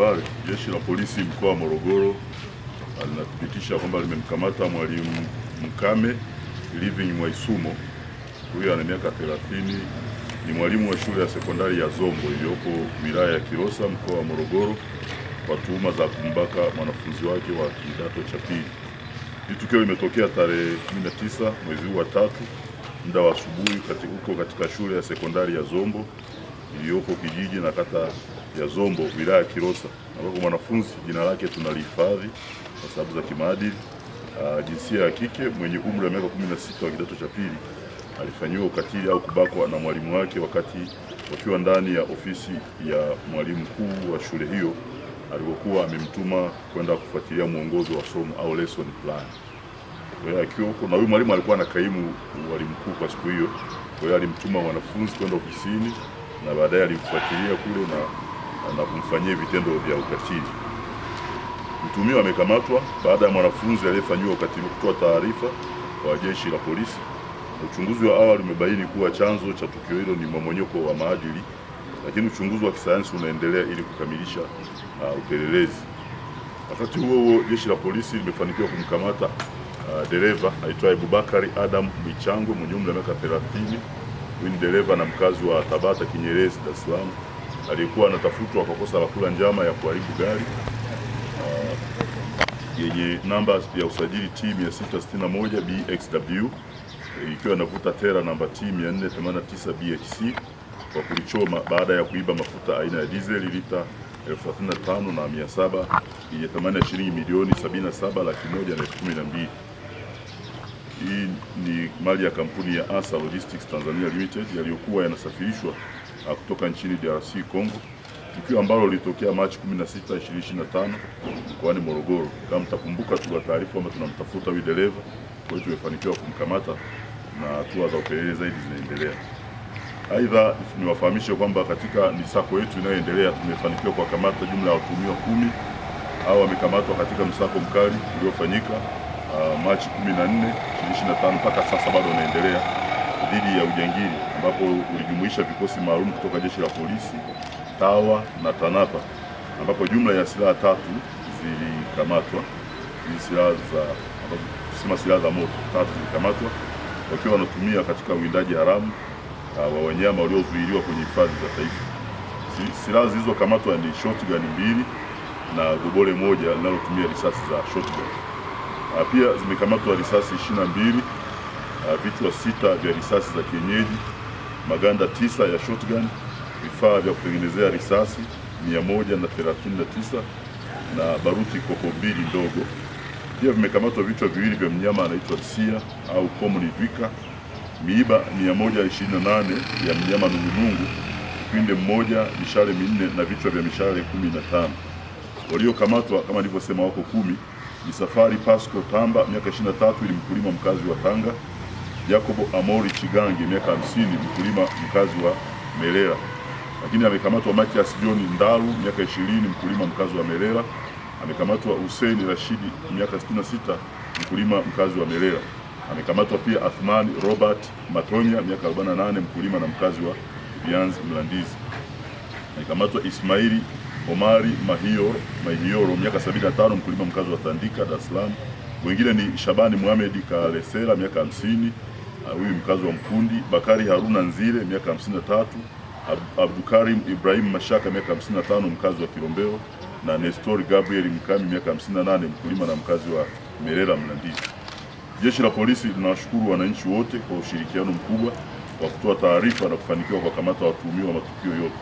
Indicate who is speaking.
Speaker 1: habari, jeshi la polisi mkoa wa Morogoro linathibitisha kwamba limemkamata mwalimu Mkame Living Mwaisumo. Huyo ana miaka 30, ni mwalimu wa shule ya sekondari ya Zombo iliyopo wilaya ya Kilosa mkoa wa Morogoro kwa tuhuma za kumbaka mwanafunzi wake wa kidato cha pili. Hii tukio limetokea tarehe 19 mwezi huu wa tatu muda wa asubuhi huko katika shule ya sekondari ya Zombo iliyopo kijiji na kata ya Zombo wilaya ya Kilosa, ambapo mwanafunzi jina lake tunalihifadhi kwa sababu za kimaadili. Uh, jinsia ya kike mwenye umri wa miaka 16 wa kidato cha pili alifanyiwa ukatili au kubakwa na mwalimu wake wakati wakiwa ndani ya ofisi ya mwalimu mkuu wa shule hiyo alipokuwa amemtuma kwenda kufuatilia mwongozo wa somo au lesson plan. Kwa hiyo akiwa huko na huyu mwalimu alikuwa na kaimu mwalimu mkuu kwa siku hiyo, kwa hiyo alimtuma wanafunzi kwenda ofisini na baadaye alimfuatilia kule na na kumfanyia vitendo vya ukatili. Mtumio amekamatwa baada ya mwanafunzi aliyefanyiwa ukatili kutoa taarifa kwa jeshi la polisi. Uchunguzi wa awali umebaini kuwa chanzo cha tukio hilo ni mmomonyoko wa maadili, lakini uchunguzi wa kisayansi unaendelea ili kukamilisha uh, upelelezi. Wakati huo huo, jeshi la polisi limefanikiwa kumkamata uh, dereva aitwaye Bubakari Adam Michango mwenye umri wa miaka 30, huyu ni dereva na mkazi wa Tabata Kinyerezi, Dar es Salaam aliyekuwa anatafutwa kwa kosa la kula njama ya kuharibu gari uh, yenye namba ya usajili T 661 BXW ikiwa inavuta tera namba T 489 BHC kwa kulichoma baada ya kuiba mafuta aina ya diesel lita 35 na 700 yenye thamani ya shilingi milioni 77 laki moja na elfu kumi na mbili. Hii ni mali ya kampuni ya Asa Logistics Tanzania Limited yaliyokuwa yanasafirishwa kutoka nchini DRC Congo, tukio ambalo lilitokea Machi 16, 2025 mkoani Morogoro. Kama mtakumbuka, tuna taarifa kwamba tunamtafuta huyu dereva, kwa hiyo tumefanikiwa kumkamata na hatua za upelelezi zaidi zinaendelea. Aidha, niwafahamishe kwamba katika misako yetu inayoendelea tumefanikiwa kuwakamata jumla ya watuhumiwa kumi au wamekamatwa katika msako mkali uliofanyika uh, Machi 14, 2025 mpaka sasa bado wanaendelea dhidi ya ujangili ambapo ulijumuisha vikosi maalum kutoka jeshi la polisi, TAWA na TANAPA ambapo jumla ya silaha tatu zilikamatwa, silaha za kusema silaha za moto tatu zilikamatwa wakiwa wanatumia katika uwindaji haramu ah, wa wanyama waliozuiliwa kwenye hifadhi za taifa. Silaha zilizokamatwa ni shotgun mbili na gobole moja linalotumia risasi za shotgun. Ah, pia zimekamatwa risasi ishirini na mbili Uh, vichwa sita vya risasi za kienyeji, maganda tisa ya shotgun, vifaa vya kutengenezea risasi 139 na baruti koko mbili ndogo. Pia vimekamatwa vichwa viwili vya mnyama anaitwa sia au common vika, miiba 128 ya mnyama nungunungu, upinde mmoja, mishale minne na vichwa vya mishale 15. Waliokamatwa kama nilivyosema wako kumi. Ni Safari Pasco Tamba, miaka 23, ilimkulima mkulima mkazi wa Tanga. Jacobo Amori Chigange miaka 50, mkulima mkazi wa Melela, lakini amekamatwa Matias John Ndalu miaka 20, mkulima mkazi wa Melela, Amekamatwa Hussein Rashidi miaka 66, mkulima mkazi wa Melela, Amekamatwa pia Athman Robert Matonya miaka 48, mkulima na mkazi wa Vianzi Mlandizi. Amekamatwa Ismaili Omari Mahioro, Mahioro miaka 75, mkulima mkazi wa Tandika, Dar es Salaam. Wengine ni Shabani Mohamed Kalesera miaka 50 Ah, huyu mkazi wa Mkundi, Bakari Haruna Nzile miaka 53, Abdukarim Ibrahim Mashaka miaka 55, mkazi wa Kilombero na Nestori Gabriel Mkami miaka 58, mkulima na mkazi wa merela Mlandizi. Jeshi la Polisi linawashukuru wananchi wote kwa ushirikiano mkubwa wa kutoa taarifa na kufanikiwa kwa kamata watuhumiwa matukio yote.